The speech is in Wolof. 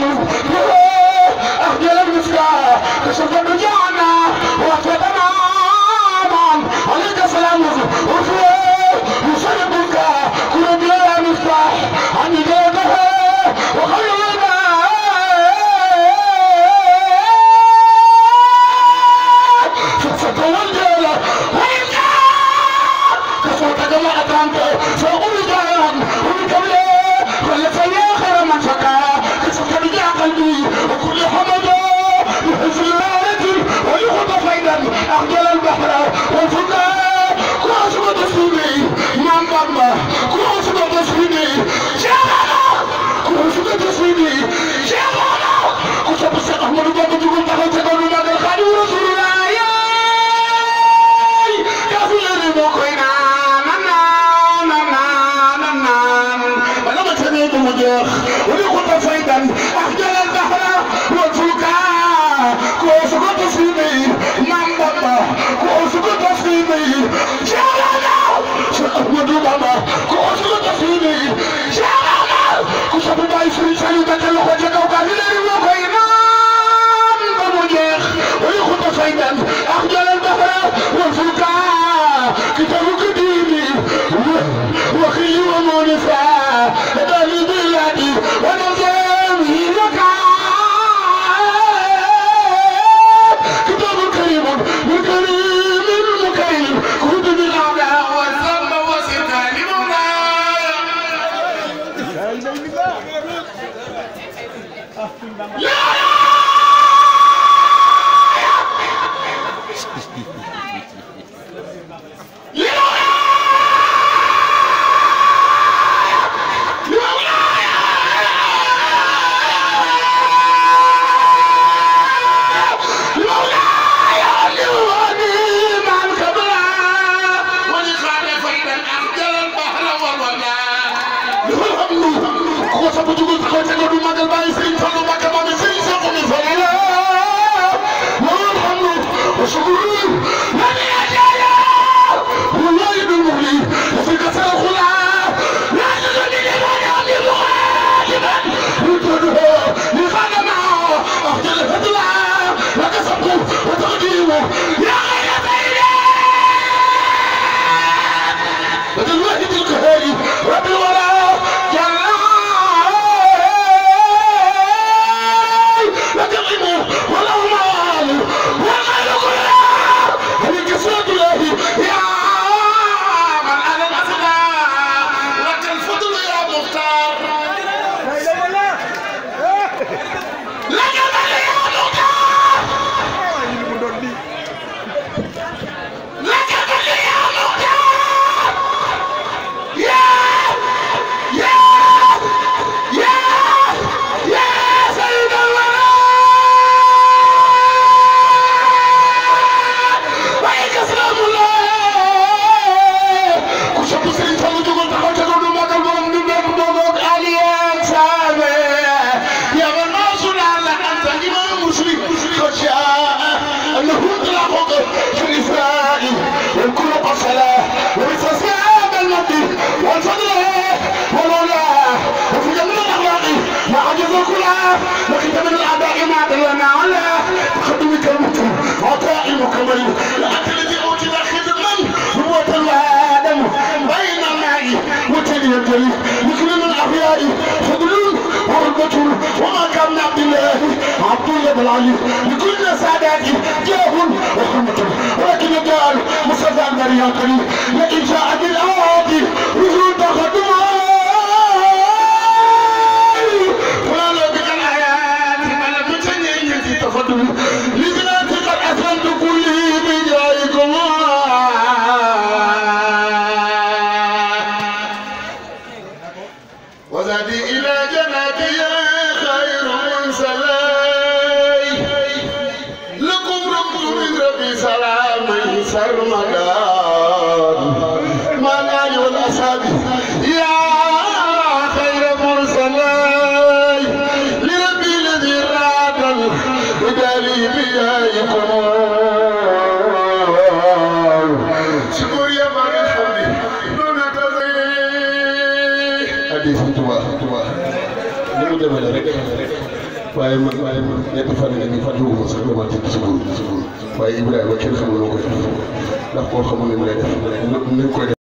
Thank you. Bamba ku Ousmane Bass mi nii Cheikh Lalla ku Ousmane Bass mi nii Cheikh Lalla ku topp Cheikh Ahmadou Bamba jugul taxaw ca kaw lu màggal Xaadimu Rasulullah yaay kaasu leer moo koy naan naan naan naan naan naan bala ma tënee du mu jeex wala ku ta fay dan ak jalal dahra wa tuka ku Ousmane Bass mi nii maam Bamba yaa مكمل الذي اوتي خدما هو الادم بين الماء وتدي الجلي يكرم الاحياء فضل ورقة وما كان عبد الله عبد الله بن علي لكل ساداته جاه وحرمة ولكن قال مصطفى المريان لكن جاء بالآدي وجود دخل سرمدان ما الآن والأصحاب يا خير مرسلي لربي الذي راد ودالي بياكم شكور يا بارك حمدي دون تزيي حديث توا توا نمو دبل رك waaye man waaye man ñetti fan yi ñu fàttaliwu ma sax damaa jënd si groupe si groupe waaye Ibrahima kenn xamul noo koy def ndax koo xamul ni mu lay def nañ koy def.